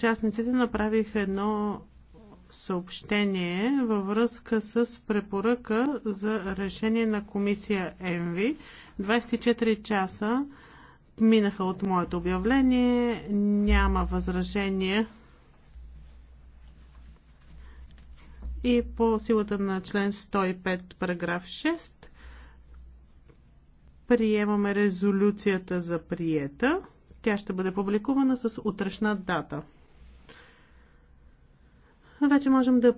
Участниците направиха едно съобщение във връзка с препоръка за решение на комисия ЕНВИ. 24 часа минаха от моето обявление, няма възражения и по силата на член 105 параграф 6 приемаме резолюцията за приета. Тя ще бъде публикувана с утрешна дата вече можем да